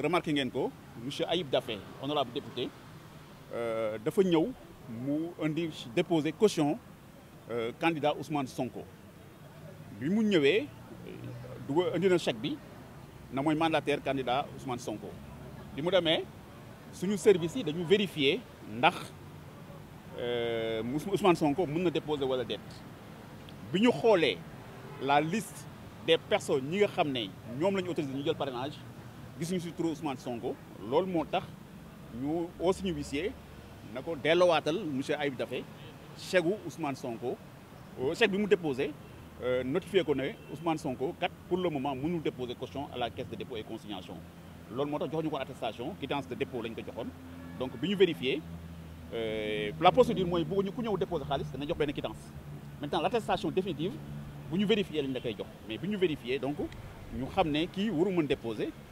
remarqué ngeen ko monsieur Ayib Daffé honorable député euh, dafa ñëw mu indi déposer caution euh, candidat Ousmane Sonko bi mu ñëwee euh, du indi na chèque bi na moy mandataire candidat Ousmane Sonko bi mu démé suñu service yi dañu vérifier ndax Ousmane Sonko mëna déposer wala dette. biñu xolé la liste des personnes ñi nga xamné ñom lañu autoriser ñu jël parrainage gisuñu ci trop Ousmane Sonko loolu moo tax ñu aussi ñu huissier nako ko dellowaatal monsieur Ayib Dafé chegu Ousmane Sonko euh, chèque bi mu déposé euh, notifié ko ne Ousmane Sonko kat pour le moment mënul déposer caution à la caisse de dépôt et consignation loolu moo tax joxuñu ko attestation quittance de dépôt lañ ko joxoon donc biñu vérifier euh, la procédure mooy bëgguñu ku ñëw déposer xaliss dana jox ben quittance maintenant l'attestation définitive bu ñu vérifié lañ da kay jox mais bu ñu donc ñu xamné ki kii waru mën déposer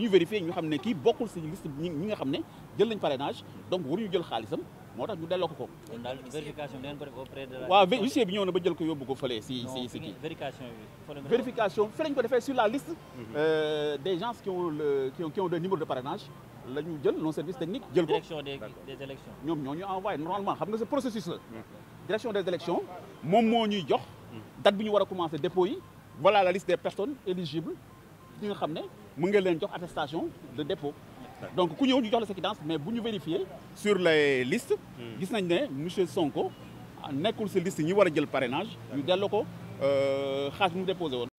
Nous vérifions vérifié ñu liste de parrainage donc vous nous le le moi je vous ko vérification auprès de la. vérification vérification sur la liste. Mhm. Euh, des gens qui ont le qui ont de parrainage. service technique direction des élections. Nous, envoyé normalement processus direction des élections voilà la liste des personnes éligibles ñi nga xam attestation de dépôt donc ku ñëw ñu jox la sa mais bu ñu vérifier sur les listes nous gis nañ que monsieur Sonko nekkul si liste ñi war a le parrainage nous delloo ko euh, déposé